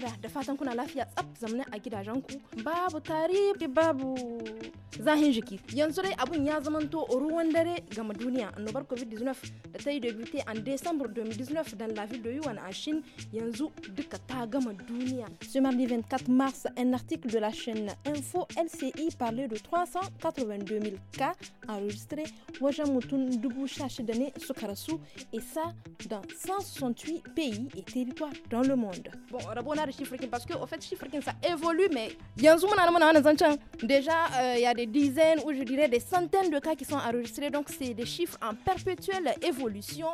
fada da fatan kuna lafiya tsaf zamne a gidajenku babu tari babu zahin jiki yanzu dai abun ya zamanto ruwan dare gama duniya annobar covid-19 da ta yi debute en décembre 2019 dans la ville de Yuan en Chine yanzu duka ta gama duniya ce mardi 24 mars un article de la chaîne Info LCI parlait de 382 000 cas enregistrés wajen mutum dubu shida ne suka rasu et ça dans 168 pays et territoires dans le monde bon rabona parce que au fait ça évolue mais bien déjà euh, il y a des dizaines ou je dirais des centaines de cas qui sont enregistrés donc c'est des chiffres en perpétuelle évolution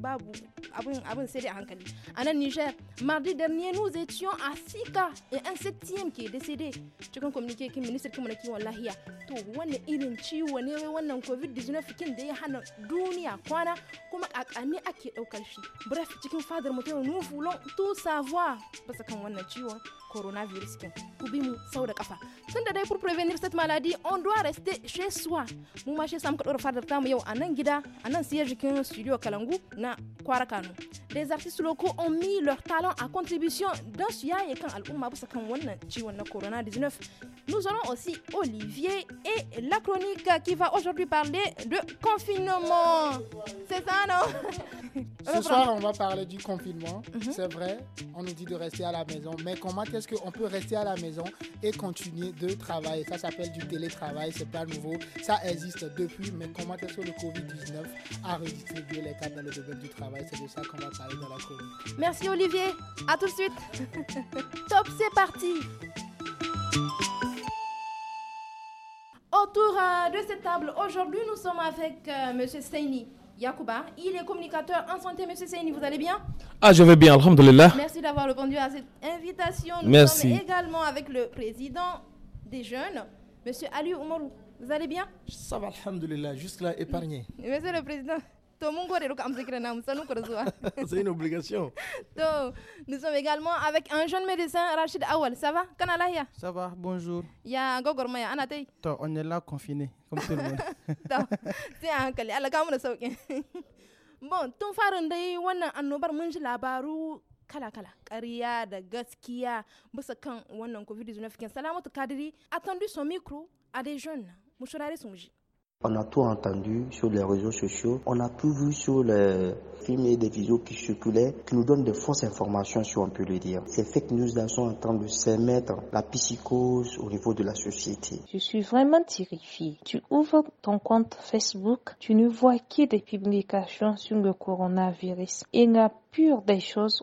babu abun abun sai dai a hankali a nan Niger mardi dernier nous étions à 6 cas et un septième qui est décédé Tu cikin communiqué kin ministre kin na kiwon lahiya to wannan irin ciwo ne wai wannan covid-19 kin da ya hana duniya kwana kuma kakani ake daukar shi bref cikin Father mutum nous voulons tout savoir basa kan wannan ciwon coronavirus kin ku bi mu sau da kafa tun dai pour prévenir cette maladie on doit rester chez soi mu ma shi sam ka dora fadar tamu yau a nan gida a nan siyar jikin studio kalangu les des artistes locaux ont mis leur talent à contribution dans ce quand 19 nous avons aussi Olivier et la chronique qui va aujourd'hui parler de confinement c'est ça non ce euh, soir on va parler du confinement mhm. c'est vrai on nous dit de rester à la maison mais comment est-ce qu'on peut rester à la maison et continuer de travailler ça s'appelle du télétravail c'est pas nouveau ça existe depuis mais comment est-ce que le Covid-19 a redistribué les cadres dans le du travail. C'est de ça qu'on va parler dans la cour. Merci Olivier. À tout de suite. Top, c'est parti. Autour euh, de cette table, aujourd'hui, nous sommes avec euh, Monsieur M. Seini Yacouba. Il est communicateur en santé. Monsieur Seini, vous allez bien Ah, je vais bien, alhamdulillah. Merci d'avoir répondu à cette invitation. Nous sommes également avec le président des jeunes, Monsieur Ali Oumarou. Vous allez bien Ça va, alhamdulillah, jusque-là épargné. Monsieur le Président, to mon gorero kam se krenam ça nous c'est une obligation donc nous sommes également avec un jeune médecin Rachid Awal ça va kanala ya ça va bonjour ya gogor maya anatay to on est là confiné comme tout le monde to c'est un kali ala na sauki bon ton farin dai wannan annobar mun ji labaru kala-kala ƙarya da gaskiya bisa kan wannan covid-19 salamatu kadiri attendu son micro a des jeunes mu saurare su mu ji on a tout entendu sur les réseaux sociaux, on a tout vu sur les films et des vidéos qui circulaient, qui nous donnent de fausses informations, si on peut le dire. Ces fake news nous en train de s'émettre la psychose au niveau de la société. Je suis vraiment terrifiée. Tu ouvres ton compte Facebook, tu ne vois que des publications sur le coronavirus Il et a pure des choses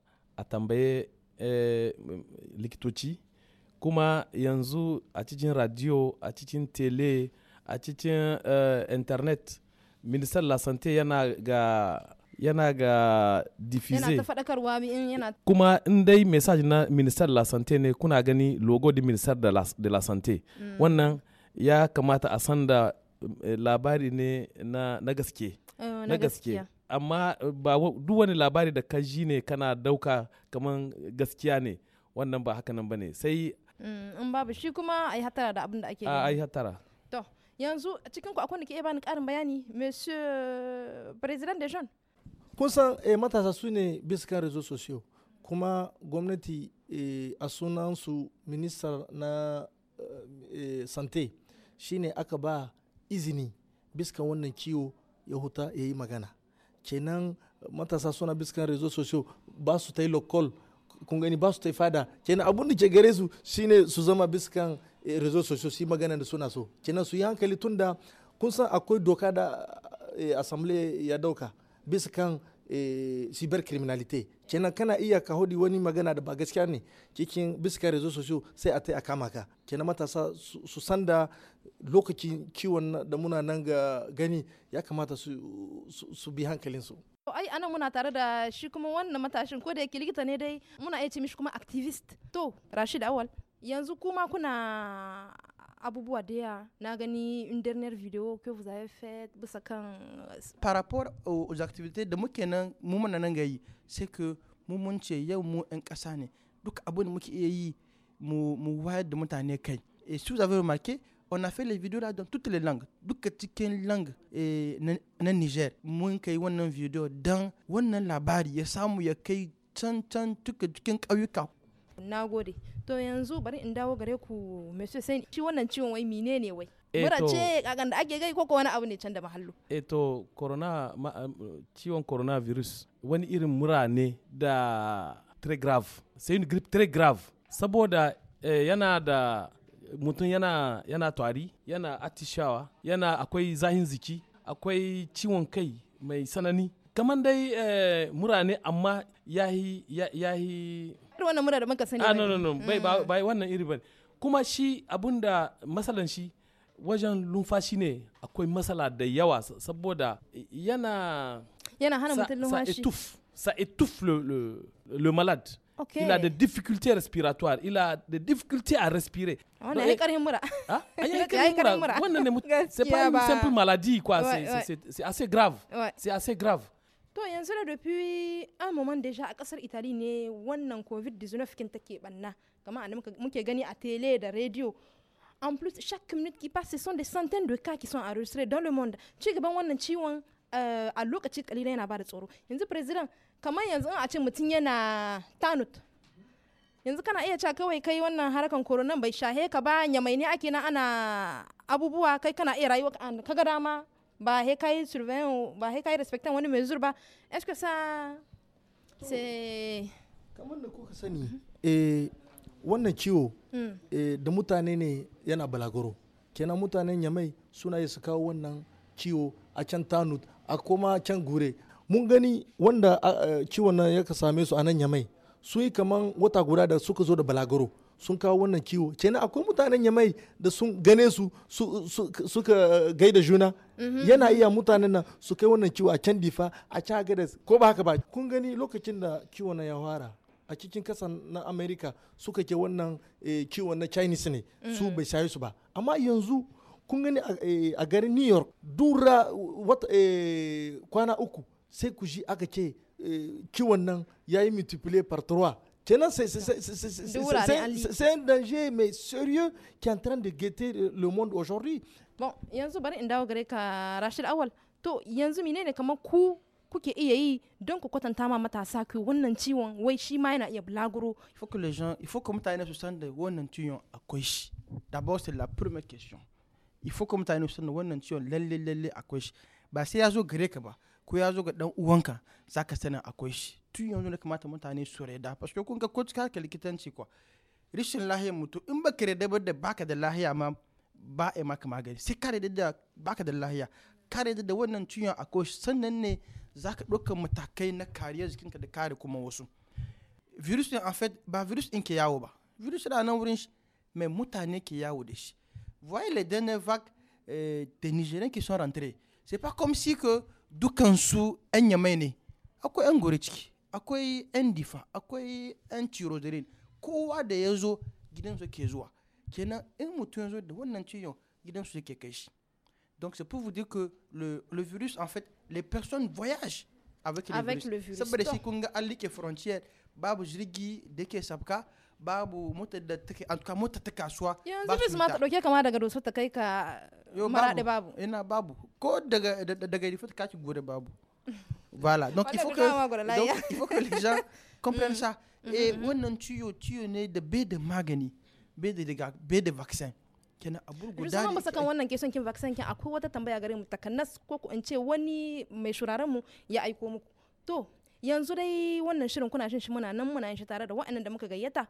a tambaye eh, kuma yanzu a cikin radio a cikin tele a cikin eh, internet la lasante yana ga yana ga diffuse yana ta kuma in message na minister la santé ne kuna gani logo di minister de la, de la santé mm. wannan ya kamata a sanda eh, labari ne na, na gaske uh, na amma eh, ba duk wani labari da ka ji ne kana dauka kamar gaskiya ne wannan ba haka nan ba ne sai mm, in babu shi kuma a yi hatara da abin da ake a yi hatara to yanzu cikin ku akwai da ke iya bani karin bayani monsieur president de jean kusan eh, matasa su ne bisa rezo sosiyo kuma gwamnati eh, a sunansu minister na santé shine aka ba izini bisa wannan kiwo ya huta ya yi magana kenan eh, matasa suna biskan rezo sosio ba su ta yi lokol kun gani ba su ta yi fada kenan abun da ke gare su shine su zama biskan eh, rezo sosio shi magana da suna so kenan su yi hankali da kun san akwai doka da eh, asambile ya dauka biskan Eh, cyber kenan kana iya ka hodi wani magana da ba gaskiya ne cikin bisa rezo sosai sai a tai a kama ka kenan matasa su sanda lokacin kiwon da muna nan ga gani ya kamata su bi hankalinsu ai ana muna tare da shi kuma wannan matashin ko da yake likita ne dai muna iya ce mishi kuma activist to rashid awal yanzu kuma kuna abubuwa da na une dernière vidéo que vous avez faite par rapport aux, activités de muke nan que mu mun ce yau mu yan ƙasa ne duk abin Mou muke iya yi mu mu wayar et si vous avez remarqué on a fait les vidéos là dans toutes les langues duka cikin langue na Niger mun kai wannan video dan wannan labari ya samu ya kai can can une na gode to yanzu bari in dawo gare ku mai sai shi wannan ciwon wai mine ne wai eh, mura ce kagan da ake gai koko wani abu ne can da mahallu eto eh, corona eh, ciwon coronavirus wani irin mura ne da tre grave sai une grip tre grave saboda yana da mutum yana yana tari yana atishawa yana akwai zahin ziki akwai ciwon kai mai sanani kamar dai mura ne amma yahi yahi irin wannan muna da muka sani ah no no no bai mm. bai wannan iri bane kuma shi abunda masalan shi wajen lumfashi ne akwai masala da yawa saboda yana yana hana mutum lumfashi ça étouffe ça étouffe le, le, le malade Okay. Il a des difficultés respiratoires, il a des difficultés à respirer. On eh. a ah, C'est pas une simple maladie, quoi. Ouais, c'est ouais. assez grave. Ouais. C'est assez grave. To yanzu da dafi a moment deja a kasar Italy ne wannan COVID-19 kin take banna, kama a muke gani a tele da radio. En plus, chaque minute qui passe, ce sont des centaines de cas qui sont enregistrés dans le monde. Ci gaban wannan ciwon euh, a lokaci kalilai yana bada tsoro. Yanzu president, kamar yanzu a ce mutum yana tanut. Yanzu kana iya cewa kawai kai wannan harkan koronan bai shahe ka ba, nyamai ne ake na ana abubuwa kai kana iya rayuwa kaga dama Bah, recair sur 20 ou bah, recair respecter wani mai zurba. Est-ce que ça. Kamar da kuka sani, eh, wannan ciwo eh, da mutane ne yana balagoro. Kenan mutanen yamai suna yi su wannan ciwo a can tanut, a kuma can gure. Mun gani wanda ciwon nan ya same su a nan yamai. Su yi kaman wata guda da suka zo da balagoro. sun kawo wannan kiwo kenan akwai mutanen yamai da sun gane su suka gaida juna mhm. yana iya mutanen nan su kai wannan kiwo a can difa a can gada ko ba haka ba kun gani lokacin da kiwo na ya fara a cikin kasa na america suka ke wannan eh, kiwo na chinese ne su mm. bai shayi su ba amma yanzu kun gani a eh, garin new york dura eh, kwana uku sai ku ji aka ce kiwon nan ya yi multiplier par trois. C'est un danger, mais sérieux, qui est en train de guetter le monde aujourd'hui. Bon, yanzu bari in dawo gare ka Rashid Awal. To yanzu menene kamar ku kuke iya yi don ku kwatanta ma matasa ku wannan ciwon wai shi ma yana iya bulaguro. Il faut que les gens, il faut que mutane su san da wannan ciwon akwai shi. D'abord c'est la première question. Il faut que mutane su san da wannan ciwon lalle lalle akwai shi. Ba sai ya zo gare ka ba, ko ya zo ga dan uwanka zaka sanin akwai shi tun yanzu da kamata mutane su reda parce que ko ga coach ka likitanci kwa rishin lahiyar mutum in baka reda ba da baka da lahiya ma ba e maka magani sai kare reda da baka da lahiya kare reda da wannan ciwon a koshi sannan ne zaka ɗaukar matakai na kariyar jikinka da kare kuma wasu virus din en fait ba virus in ke yawo ba virus da nan wurin shi mai mutane ke yawo da shi voyez les dernières vagues euh, des Nigériens qui sont rentrés c'est pas comme si que dukansu 'yan yamai ne akwai 'yan gore ciki akwai 'yan difa akwai 'yan tirozirin kowa da ya zo gidansu ke zuwa kenan in mutum ya zo da wannan ciwon gidansu yake kai shi donc c'est pour vous dire que le, le virus en fait les personnes voyagent avec, le avec virus. le virus saboda shi kun ga an like frontier babu jirgi da ke sabka babu mota da take tout cas mota ta kasuwa yanzu bis ma ta dauke kama daga doso ta kai ka marade babu ina babu ko daga daga rifa ta kaki gore babu Voilà. Donc, il faut, que, donc il faut que les gens comprennent ça. Mm. Mm, Et mm, on tu tuyau, tuyau ne da de da magani, b de de b de vaccin. Kenan abu guda. Musamman musakan wannan keson kin vaccin kin akwai wata tambaya gare mu takannas ko ku in ce wani mai shuraren mu ya aiko muku. To, yanzu dai wannan shirin kuna shin shi muna nan muna yin shi tare da wa'annan da muka gayyata.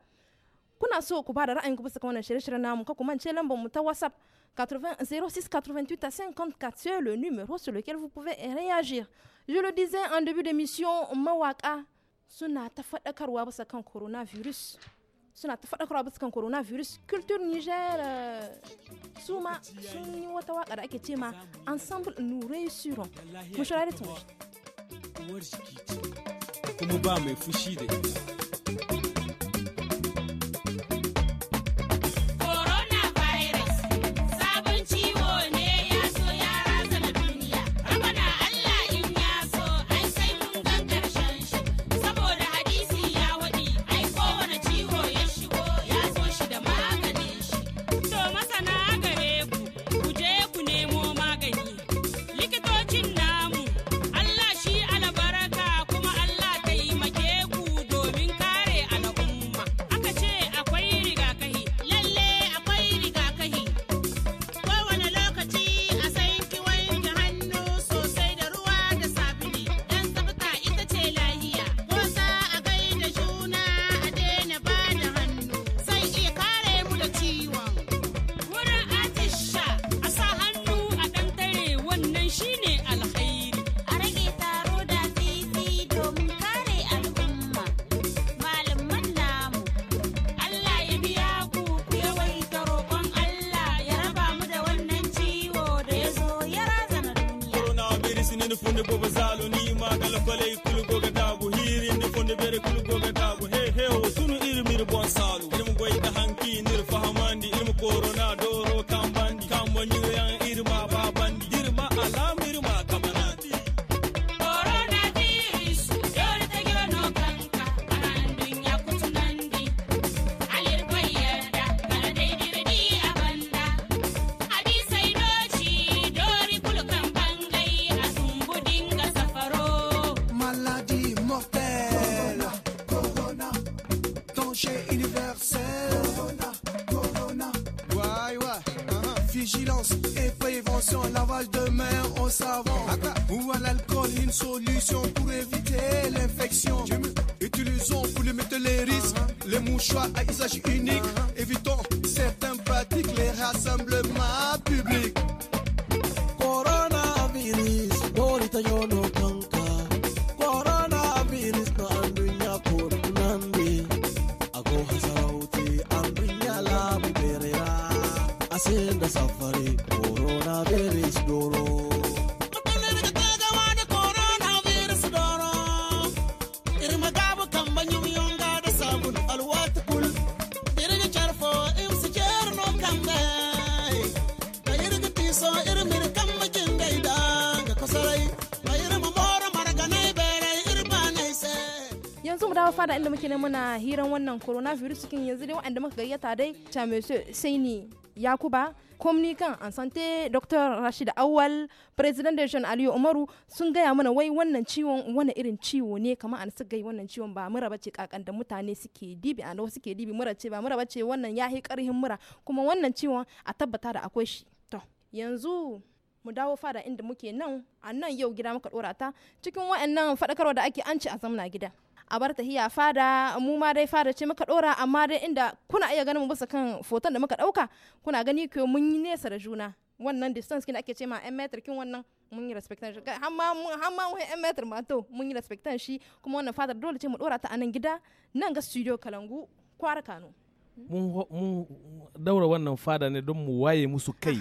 kuna so ku ba da ra'ayin ku bisa wannan shirye-shiryen namu ka kuma ce lambar mu ta WhatsApp 80 06 88 54 le numéro sur lequel vous pouvez réagir. Je le disais en début d'émission, mawaka suna ta faɗakarwa bisa kan coronavirus. Suna ta faɗakarwa bisa kan coronavirus. Culture Niger euh, su ma sun yi wata waka da ake ce ma ensemble nous réussirons. Mu shirari tun. Uwar jiki ba mai fushi da Joshua, Isaac mu dawo fada inda muke muna hiran wannan coronavirus cikin yanzu dai wa'anda muka gayyata dai ta sai ni yakuba communicant en dr rashid awal president da shan aliyu umaru sun gaya mana wai wannan ciwon wani irin ciwo ne kamar an su gai wannan ciwon ba mura bace kakan da mutane suke dibi a suke dibi mura ce ba mura bace wannan yi karhin mura kuma wannan ciwon a tabbata da akwai shi to yanzu mu dawo fada inda muke nan a nan yau gida muka dora ta cikin wa'annan faɗakarwa da ake an ci a zamna gida a bar tahiya fada mu ma dai fada ce muka dora amma dai inda kuna iya ganin mu bisa kan foton da muka dauka kuna gani ko mun yi nesa da juna wannan distance kin ake ce ma m meter kin wannan mun yi respectan shi har ma wani m meter ma to mun yi respectan shi kuma wannan fadar dole ce mu dora ta a nan gida nan ga studio kalangu kwara kano mun daura wannan fada ne don mu waye musu kai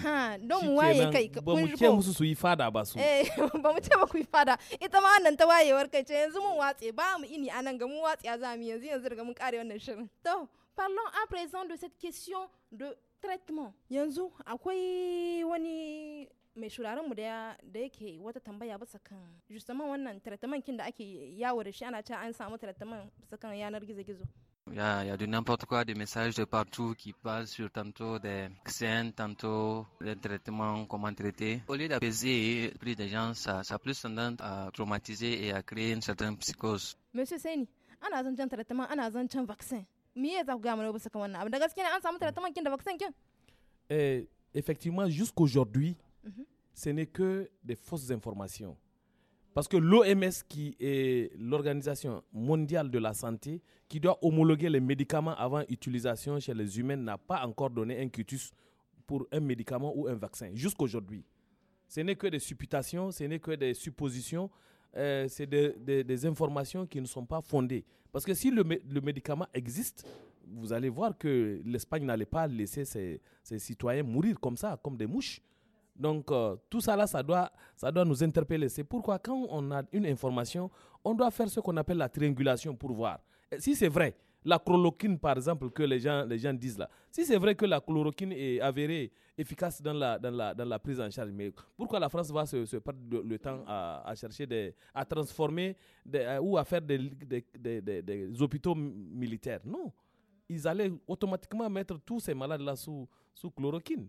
don mu waye kai ba mu ce musu su yi fada ba su eh, ba mu ce ba ku yi fada ita ma wannan ta wayewar kai ce yanzu mun watse ba mu ini anan ga mun watse a zamu yanzu yanzu daga mun kare wannan shirin to parlons à présent de cette question de traitement yanzu akwai wani mai shuraren mu da yake wata tambaya bisa kan justement wannan traitement kin da ake yawo da shi ana cewa an samu traitement bisa kan yanar gizo-gizo il y, a, de n'importe quoi, des messages de partout qui passent sur tantôt des vaccins, tantôt des traitements, comment traiter. Au lieu d'apaiser plus des gens, ça, a plus tendance à traumatiser et à créer une certaine psychose. Monsieur Seini, ana un traitement, ana traitement, vaccin. mais besoin za ga wannan Da gaskiya ne traitement vaccin eh, effectivement, jusqu'à aujourd'hui, mhm. ce n'est que des fausses informations. Parce que l'OMS, qui est l'Organisation mondiale de la santé, qui doit homologuer les médicaments avant utilisation chez les humains, n'a pas encore donné un cutus pour un médicament ou un vaccin, jusqu'aujourd'hui. Ce n'est que des supputations, ce n'est que des suppositions, euh, c'est des informations qui ne sont pas fondées. Parce que si le, médicament existe, vous allez voir que l'Espagne n'allait pas laisser ses citoyens mourir comme ça, comme des mouches. Donc euh, tout ça là, ça doit, ça doit nous interpeller. C'est pourquoi quand on a une information, on doit faire ce qu'on appelle la triangulation pour voir. si c'est vrai, la chloroquine par exemple que les gens, disent là, si c'est vrai que la chloroquine est avérée efficace dans la, dans la, dans prise en charge, mais pourquoi la France va se, se perdre le, temps à, chercher, à transformer euh, ou à faire des, des, des, des hôpitaux militaires Non, ils allaient automatiquement mettre tous ces malades là sous chloroquine.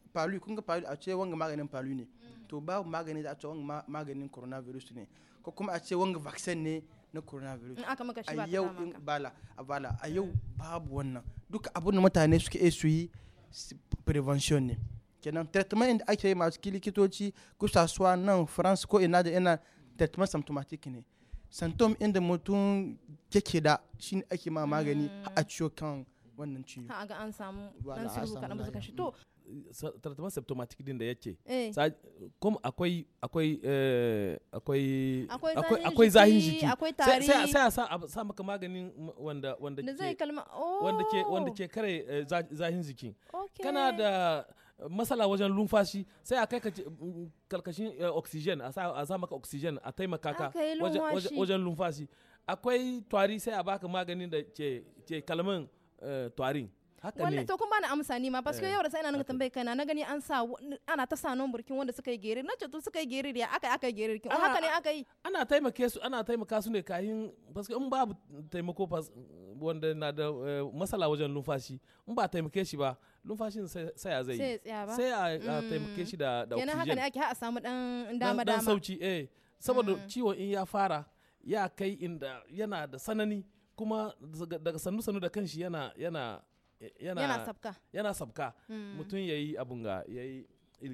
palu kun ga palu a ce wanga maganin palu ne to ba magani da a ce wanga maganin coronavirus ne ko kuma a ce wanga vaccine ne na coronavirus a yau in bala a bala a yau babu wannan duka abun da mutane suke iya su yi prevention ne kenan traitement inda ake yi masu likitoci kusasuwa nan france ko ina da ina traitement symptomatic ne symptom inda mutum yake da shi ne ake ma magani mm. a ciwo kan wannan ciwo. Ha ga an samu dan sulhu kaɗan ba su kashe. To treatment symptomatique din da yake kuma eh. akwai eh, akwai akwai akwai zahin jiki sai sai a sa sa maka maganin wanda wanda ke wanda ke wanda oh! ke kare eh, zahin jiki kana da masala wajen lumfashi sai a kai mm, mm, karkashin oxygen a sa maka oxygen a taimaka ka wajen lumfashi akwai twari sai a baka maganin da ke kalmin twarin haka ne to kuma na amsa ni ma parce que eh, yau da sai ina tambaye kaina na gani an sa ana ta sa burkin wanda suka yi gerir na ce to suka yi gerir ya aka aka gerir haka ne aka yi ana taimake su ana taimaka su ne kayin parce que in babu taimako wanda na da eh, masala wajen numfashi in ba taimake shi ba lumfashin sai ya zai yi sai a mm. taimake shi da oxygen kenan haka ne ake a samu dan dama dama sauci eh saboda mm. ciwon in ya fara ya kai inda yana da sanani kuma daga sannu sannu da kanshi yana yana yana sabka yana sabka hmm. mutum yayi abun ga yayi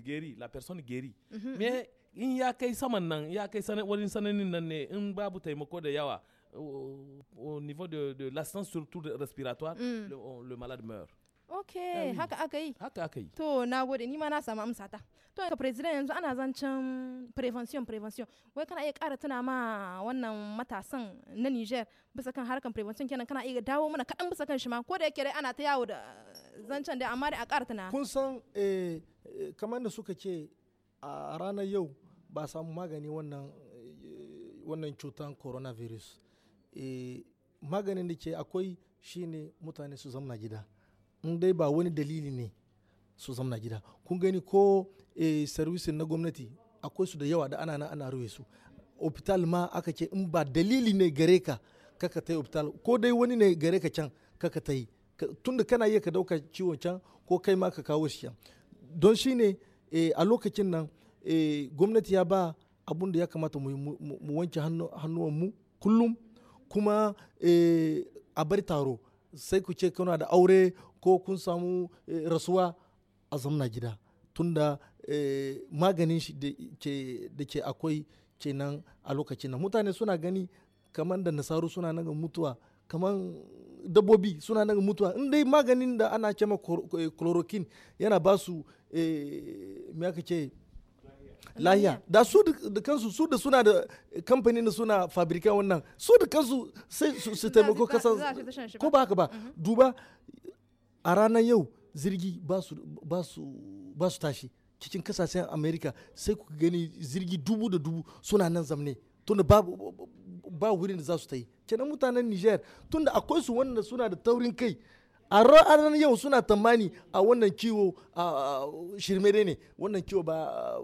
guéri, la personne guéri. geri mhm, me mhm. in ya kai saman nan ya kai wurin sananin nan ne in babu taimako da yawa au, au niveau de, de l'assistance surtout respiratoire hmm. le, le malade meurt ok haka aka yi haka aka yi to na gode ni ma na samu amsa ta to ka president yanzu ana zancen prevention prevention wai kana iya ƙara tuna ma wannan matasan na Niger bisa kan harkan prevention kenan kana iya dawo mana kaɗan bisa kan shi ma ko da yake dai ana ta yawo da zancen dai amma dai a ƙara tuna kun san eh, kamar da suka ce a ranar yau ba samu magani wannan eh, wannan cutar coronavirus eh, maganin da ke akwai shine mutane su zamna gida in dai ba wani dalili ne su zamna gida kun gani ko e, na gwamnati akwai su da yawa da ana na ana ruwe su hospital ma aka ce in ba dalili ne gare ka kaka ta yi hospital ko dai wani ne gare ka can kaka ta yi tunda kana iya ka dauka ciwon can ko kai ma ka kawo shi can don shi ne e, a lokacin nan e, gwamnati ya ba abun da ya kamata mu wanke mu kullum kuma e, a bari taro sai ku ce kuna da aure ko kun samu eh, rasuwa a zamna gida tunda eh, maganin shi da ke akwai kenan a lokacin nan mutane suna gani kamar da nasaru suna nan mutuwa kamar dabbobi suna nan mutuwa in dai maganin da ana cema eh, chloroquine yana ba su me ce lahiya da su da kansu su da suna da kamfanin da suna fabrikan wannan su da kansu sai su taimako kasa ko ba haka ba mhm. duba a ranar yau zirgi ba su tashi cikin kasashen america sai ku gani zirgi dubu da dubu suna nan zamne tunda ba wurin da za su ta yi kenan mutanen niger tunda akwai su wanda suna da taurin kai a ranar yau suna tamani a wannan kiwo shirmere ne wannan kiwo ba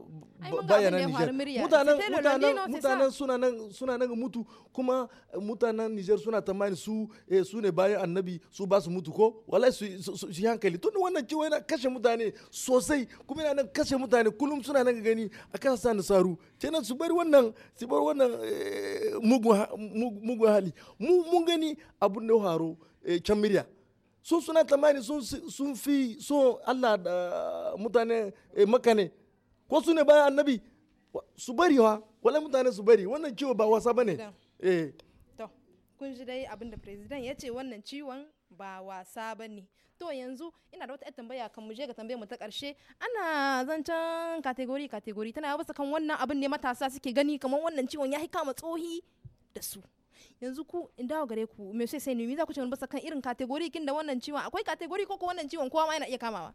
bayanan Nijar mutanen mutanen suna nan suna nan mutu kuma eh, mutanen Nijar suna tamani su eh, su ne bayan annabi su ba su mutu ko wallahi su su hankali tun wannan kiwo yana kashe mutane sosai kuma yana nan kashe mutane kullum suna nan gani a kan sa saru kenan su bari wannan su wannan eh, mugun hali mun gani abun da haro can murya sun suna tamani sun fi so Allah da mutane eh, maka ne ko su ne bayan annabi su bari wa wala mutane su bari wannan ciwo ba wasa bane eh to kun ji dai abin da president ya ce wannan ciwon ba wasa ba ne to yanzu ina da wata 'yan tambaya kan muje ga tambayar mu ta karshe ana zancen kategori kategori tana basa kan wannan abin ne matasa suke gani kamar wannan ciwon ya kama tsohi da su yanzu ku in dawo gare ku me sai sai ni za ku ce wani basa kan irin kategori kin da wannan ciwon akwai kategori ko wannan ciwon kowa ma yana iya kamawa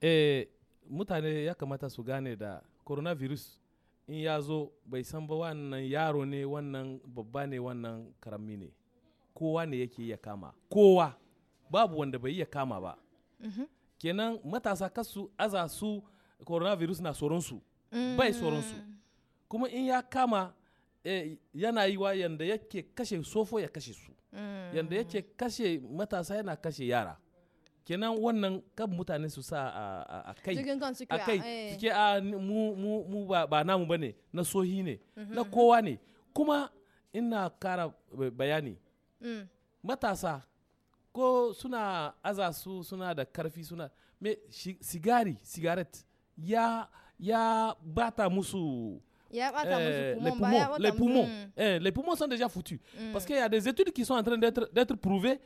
eh mutane ya kamata su gane da coronavirus in ya zo bai san ba wannan yaro ne wannan babba ne wannan karami ne kowa ne yake iya kama kowa babu wanda bai iya kama ba mm-hmm. kenan matasa kasu aza su coronavirus na tsoronsu bai tsoronsu mm. kuma in ya kama eh, yana yi wa yanda yake kashe sofo ya kashe su mm. yanda yake kashe matasa yana kashe yara kenan wannan kan mutane su sa a kai suke a eh. mu ba namu ba ne na sohi ne mm-hmm. na kowa ne kuma ina kara bayani mm. matasa ko suna azasu su suna da karfi suna me sigari sigaret ya ya bata musu Euh, les, poumons, eh, les, poumons. sont déjà foutus. Mm. Parce qu'il y a des études qui sont en train d'être prouvées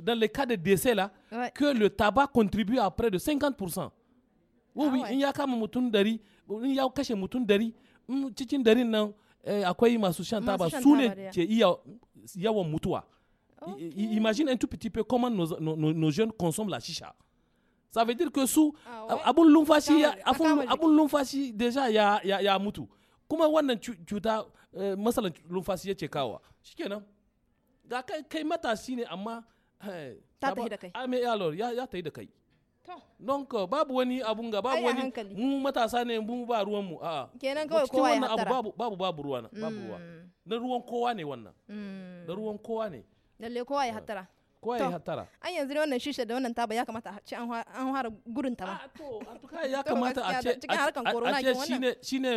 dans les cas de décès là, que le tabac contribue à près de 50%. Oui, ah oui, il y a comme il y a mm, eh, y a Imagine un tout petit peu comment nos, jeunes consomment la chicha. Ça veut dire que sous ah déjà il y a il y a, kuma wannan cuta eh, matsalan lumfashi ya ce kawa shikenan ga kai kai matashi ne amma eh, ta tafi da kai ame yalor ya tafi da kai don ka babu wani abun ga babu wani mu matasa ne mu ba ruwan mu a'a kenan kawai kowa ya hatara babu babu babu ruwa na babu ruwa mm. na ruwan kowa ne wannan mm. na ruwan kowa ne lalle kowa ya eh. hatara ko ya hatara an yanzu wannan shisha da wannan taba ya kamata a ce an hara gurin ta ba ah, to a to ya kamata a ce cikin harkan corona ke wannan shine shine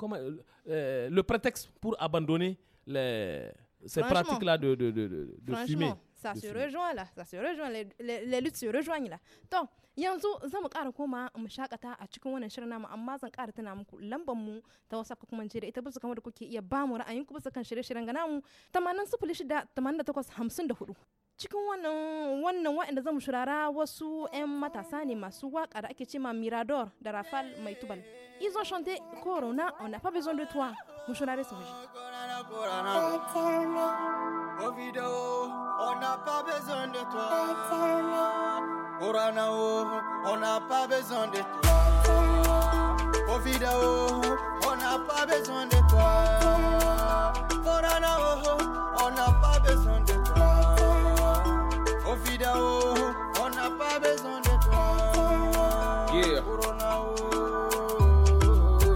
comment eh, le prétexte pour abandonner les ces pratiques là de de de de, de fumer ça se rejoint là ça se rejoint les, les, les luttes se rejoignent là Donc, yanzu za mu ƙara koma mu shakata a cikin wannan shirin namu amma zan ƙara tana muku lambar mu ta whatsapp ko kuma da ita bisa kamar da kuke iya ba mu ra'ayin ku bisa kan shirye-shiryen ga namu 806854 cikin wannan wannan wa'anda zamu shirara wasu 'yan matasa ne masu waka da ake ma mirador da rafal maitubal izo ils ont chanté corona on n'a pas besoin de toi mu shirare su Au on n'a pas besoin de toi. on n'a pas besoin de toi. Au on n'a pas besoin de toi. on n'a pas besoin de toi. Au on n'a pas besoin de toi. Yeah.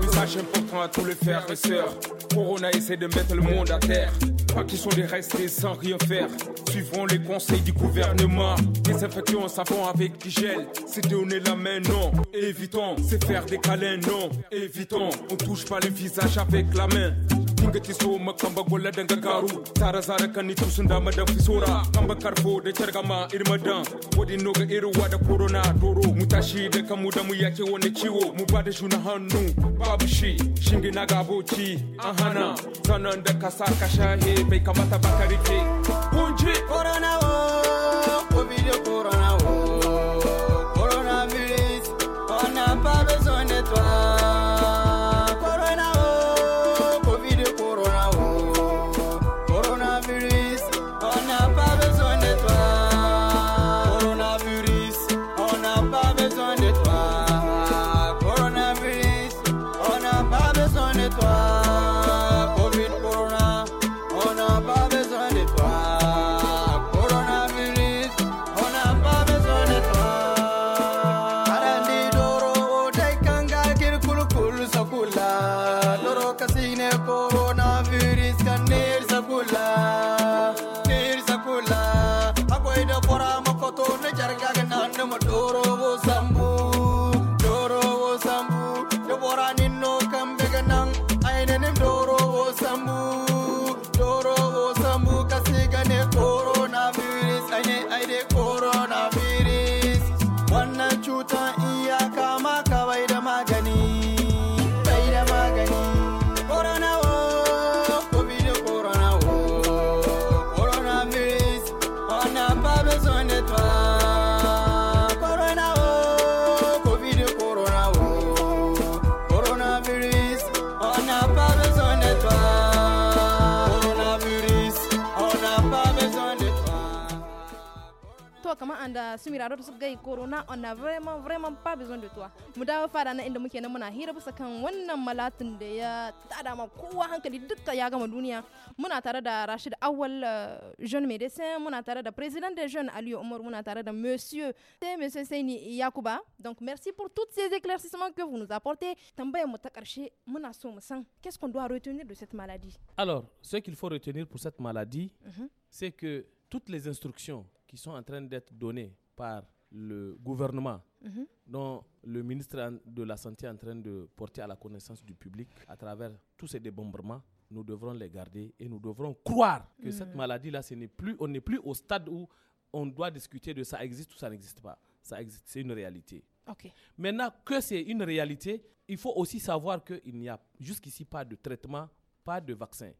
Message important à tous les frères et sœurs. Corona essaie de mettre le monde à terre. Pas qui sont les restés sans rien faire. Suivons les conseils du gouvernement. Désinfectons savon avec du gel. C'est donner la main, non. Évitons. C'est faire des câlins, non. Évitons. On touche pas le visage avec la main. dingati soma kamba golla danga garu tara zara kani tusun dama da fisora kamba karfo da ma irmadan wadi noga irwa da corona doro mutashi da kamu da mu yake wani ciwo mu ba da hannu babu shi shinge na gaboci an hana sanan da kasa kasha he bai kamata ba ka rike corona wo oh, covid corona wo oh. corona on a vraiment vraiment pas besoin de toi mu dawo fara na inda muke na muna hira bisa kan wannan malatin da ya tada ma kowa hankali duka ya gama duniya muna tare da Rashid Awal uh, jeune médecin muna tare da président des jeunes Aliou Omar muna tare da monsieur c'est monsieur Seni Yakuba donc merci pour toutes ces éclaircissements que vous nous apportez Tamba mu ta karshe muna so mu san qu'est-ce qu'on doit retenir de cette maladie alors ce qu'il faut retenir pour cette maladie mm -hmm. c'est que toutes les instructions qui sont en train d'être données par le gouvernement, non mhm. dont le ministre de la Santé est en train de porter à la connaissance du public à travers tous ces débombements, nous devrons les garder et nous devrons croire que cette mhm. maladie-là, ce n'est plus, on n'est plus au stade où on doit discuter de ça existe ou ça n'existe pas. Ça existe, c'est une réalité. Maintenant que c'est une réalité, il faut aussi savoir qu'il n'y a jusqu'ici pas de traitement, pas de vaccin.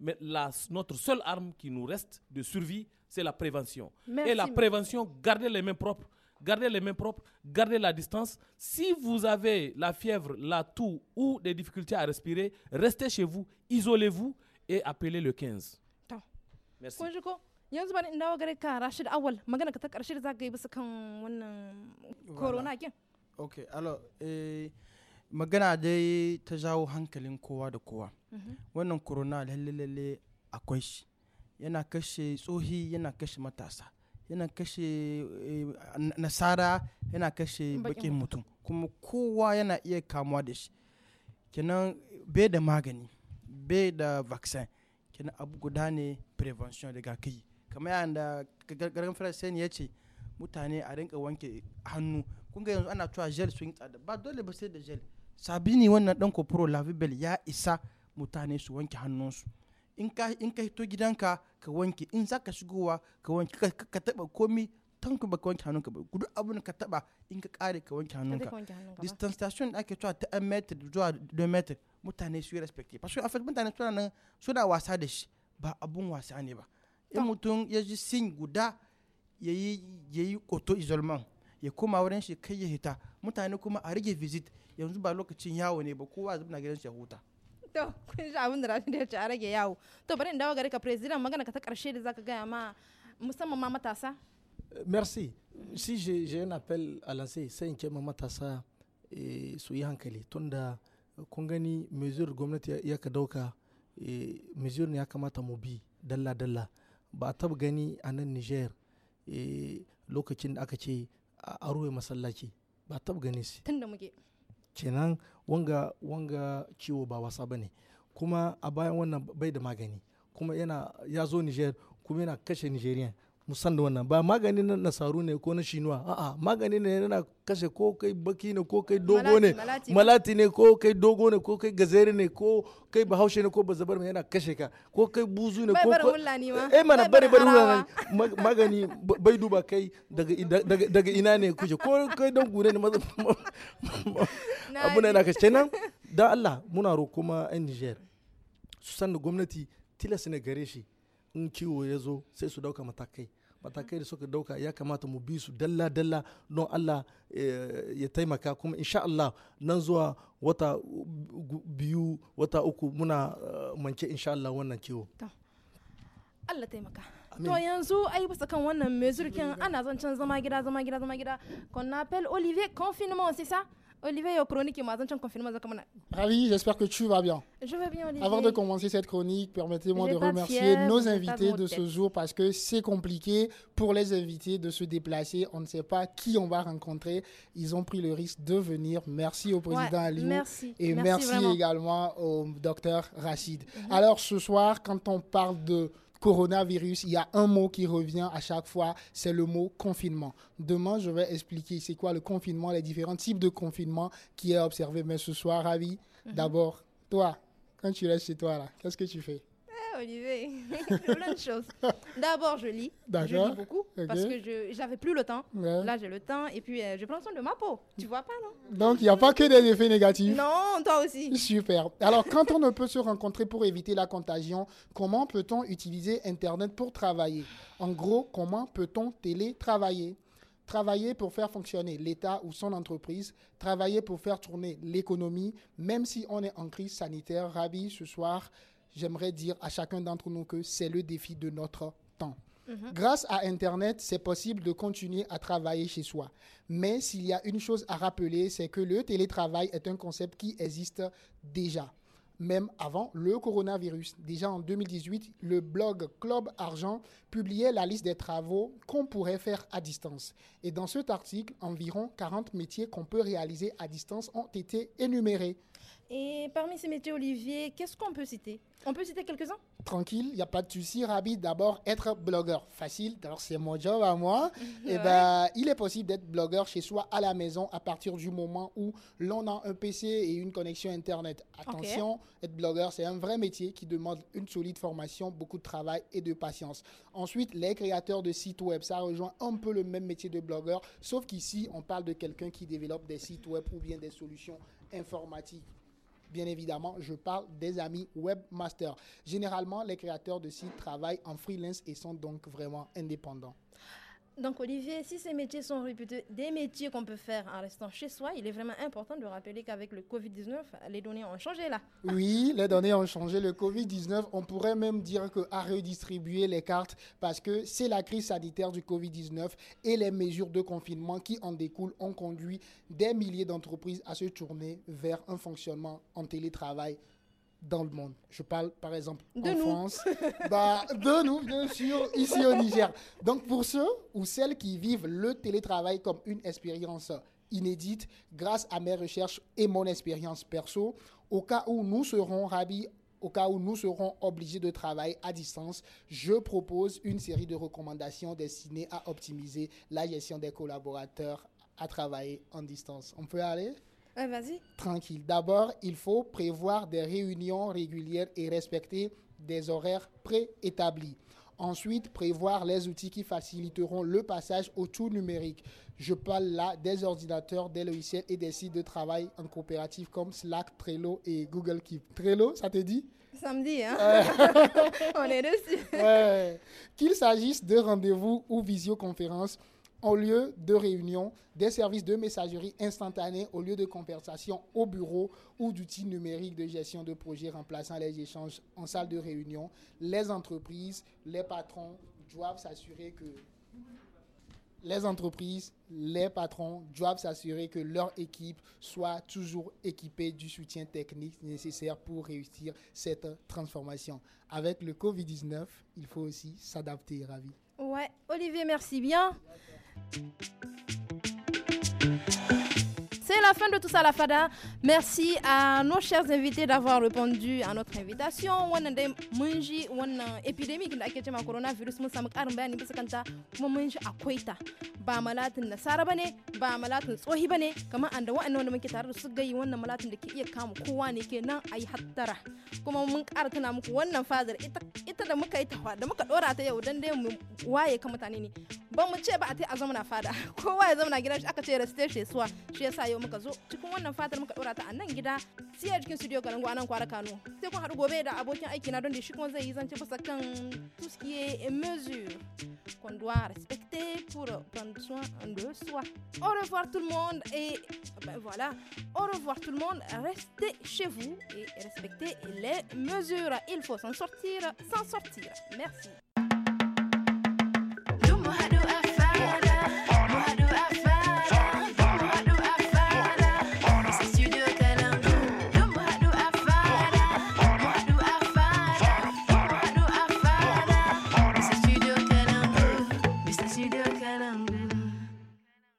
Mais la, notre seule arme qui nous reste de survie, c'est la prévention. Merci, Et la prévention, gardez les mains propres, gardez les mains propres, gardez la distance. Si vous avez la fièvre, la toux ou des difficultés à respirer, restez chez vous, isolez-vous et appelez le 15. Merci. yanzu bari in dawo gare ka Rashid Awal magana ka ta karshe da zaka yi bisa kan wannan corona kin ok alors eh magana dai ta jawo hankalin kowa da kowa mhm. wannan corona lalle lalle akwai shi yana kashe tsohi yana kashe matasa yana kashe eh, nasara yana kashe bakin mutum kuma kowa yana iya kamuwa da shi kenan bai da magani bai da vaccine kenan abu guda ne prevention daga kai kamar yadda garin faransa ya ce mutane a rinka wanke hannu kun ga yanzu ana cewa gel sun tsada ba dole ba sai da gel sabini wannan dan kofuro lavibel ya isa mutane su wanke hannunsu in ka hito gidanka ka wanke in za ka shigowa ka wanke ka taba komi tanku ba ka wanke hannunka ba gudu abun ka taba in ka kare ka wanke hannunka distanciation da ake cewa ta a meter zuwa da meter mutane su yi respecte parce mutane suna nan suna wasa da shi ba abun wasa ne ba in mutum ya ji sin guda ya yi auto isolman ya koma wurin shi kai ya hita mutane kuma a rage visit yanzu ba lokacin yawo ne ba kowa zubna gidan shi ya huta to kun sha abin da rashin da ya rage yawo to bari in dawo gare ka president magana ka ta karshe da zaka gaya ma musamman ma matasa merci si je je un appel à lancer c'est in ce ma matasa su yi hankali tunda kun gani mesure gwamnati ya ka dauka e mesure ne ya kamata mu bi dalla dalla ba a taba gani a nan niger e lokacin da aka ce a ruwe masallaci ba taba gani si tunda muke kenan wanga wanga ciwo ba wasa bane kuma a bayan wannan bai da magani kuma yana ya zo Niger kuma yana kashe Nijeriya. musan da wannan ba magani na nasaru ne ko na shinuwa a'a magani ne yana kashe ko kai baki ne ko kai dogo ne malati ne ko kai dogo ne ko kai gazere ne ko kai bahaushe ne ko bazabar yana kashe ka ko kai buzu ne ko kai eh, mana bari bari wula magani bai duba kai daga ina ne kuje ko kai dan gure ne na yana kashe nan da Allah muna ro kuma yan Niger su san da gwamnati tilas ne gare shi in kiwo ya zo sai su dauka matakai matakai da suka ya kamata mu bi su dalla dalla don Allah eh, ya taimaka kuma insha Allah nan zuwa wata biyu wata uku muna eh, manke insha Allah wannan kiwo Allah taimaka to yanzu ai wannan mezurkin ana zama gida zama gida zama qu'on appelle Olivier confinement c'est ça Olivier, Ravi, j'espère que tu vas bien. Je vais bien, Olivier. Avant de commencer cette chronique, permettez-moi de remercier nos invités de, ce jour parce que c'est compliqué pour les invités de se déplacer. On ne sait pas qui on va rencontrer. Ils ont pris le risque de venir. Merci au président Ali Et merci, également au docteur Rachid. Mhm. Alors ce soir, quand on parle de coronavirus, il y a un mot qui revient à chaque fois, c'est le mot confinement. Demain, je vais expliquer c'est quoi le confinement, les différents types de confinement qui est observé. Mais ce soir, Ravi, mhm. d'abord, toi, quand tu restes chez toi, là, qu'est-ce que tu fais Olivier. Plein de choses. D'abord, je lis. Je lis beaucoup parce que je n'avais plus le temps. Là, j'ai le temps et puis euh, je prends soin de ma peau. Tu vois pas, non Donc, il n'y a pas que des effets négatifs. Non, toi aussi. Super. Alors, quand on ne peut se rencontrer pour éviter la contagion, comment peut-on utiliser Internet pour travailler En gros, comment peut-on télétravailler travailler pour faire fonctionner l'État ou son entreprise, travailler pour faire tourner l'économie, même si on est en crise sanitaire. Ravi ce soir j'aimerais dire à chacun d'entre nous que c'est le défi de notre temps. Mhm. Grâce à Internet, c'est possible de continuer à travailler chez soi. Mais s'il y a une chose à rappeler, c'est que le télétravail est un concept qui existe déjà même avant le coronavirus. Déjà en 2018, le blog Club Argent publiait la liste des travaux qu'on pourrait faire à distance. Et dans cet article, environ 40 métiers qu'on peut réaliser à distance ont été énumérés. Et parmi ces métiers, Olivier, qu'est-ce qu'on peut citer On peut citer quelques-uns Tranquille, il n'y a pas de souci, Rabi. D'abord, être blogueur, facile. Alors, c'est mon job à moi. Eh ben, il est possible d'être blogueur chez soi à la maison à partir du moment où l'on a un PC et une connexion Internet. Attention, être blogueur, c'est un vrai métier qui demande une solide formation, beaucoup de travail et de patience. Ensuite, les créateurs de sites web, ça rejoint un peu le même métier de blogueur, sauf qu'ici, on parle de quelqu'un qui développe des sites web ou bien des solutions informatiques. Bien évidemment, je parle des amis webmasters. Généralement, les créateurs de sites travaillent en freelance et sont donc vraiment indépendants. Donc Olivier, si ces métiers sont réputés des métiers qu'on peut faire en restant chez soi, il est vraiment important de rappeler qu'avec le Covid-19, les données ont changé là. Oui, les données ont changé. Le Covid-19, on pourrait même dire que redistribuer les cartes parce que c'est la crise sanitaire du Covid-19 et les mesures de confinement qui en découlent ont conduit des milliers d'entreprises à se tourner vers un fonctionnement en télétravail dans le monde. Je parle par exemple en France, bah, de nous bien sûr, ici au Niger. Donc pour ceux ou celles qui vivent le télétravail comme une expérience inédite, grâce à mes recherches et mon expérience perso, au cas où nous serons ravis au cas où nous serons obligés de travailler à distance, je propose une série de recommandations destinées à optimiser la gestion des collaborateurs à travailler en distance. On peut aller Tranquille. D'abord, il faut prévoir des réunions régulières et respecter des horaires préétablis. Ensuite, prévoir les outils qui faciliteront le passage au tout numérique. Je parle là des ordinateurs, des logiciels et des sites de travail en coopérative comme Slack, Trello et Google Keep. Trello, ça te dit Samedi, hein On est dessus. Qu'il s'agisse de rendez-vous ou visioconférence, au lieu de réunions, des services de messagerie instantanée au lieu de conversations au bureau ou d'outils numériques de gestion de projet remplaçant les échanges en salle de réunion, les entreprises, les patrons doivent s'assurer que les entreprises, les patrons doivent s'assurer que leur équipe soit toujours équipée du soutien technique nécessaire pour réussir cette transformation. Avec le Covid-19, il faut aussi s'adapter, Ravi. Ouais, Olivier, merci bien. C'est la fin de tout ça, la fada. Merci à nos chers invités d'avoir répondu à notre invitation. Wannan dai mun ji wannan epidemic da ake cewa coronavirus mun samu karin bayani bisa kanta kuma mun ji akwai ta. Ba malatin nasara bane, ba malatin tsohi bane, kama anda wa'annan wanda muke tare da su gayi wannan malatin da ke iya kama kowa ne ke nan ayi hattara. Kuma mun ƙara tana muku wannan fazar ita da muka yi ta da muka dora ta yau dan dai mu waye ka mutane ne ba mu ce ba a tai a zamana fada kowa ya zamana gidan shi aka ce reste shi suwa shi yasa yau muka zo cikin wannan fatar muka dora ta a nan gida sai a cikin studio garin gwanan kwara Kano sai kun haɗu gobe da abokin aiki na don da shi kuma zai yi zance bisa kan tout ce mesure qu'on doit respecter pour prendre soin de soi au revoir tout le monde et ben voilà au revoir tout le monde restez chez vous et respectez les mesures il faut s'en sortir s'en sortir merci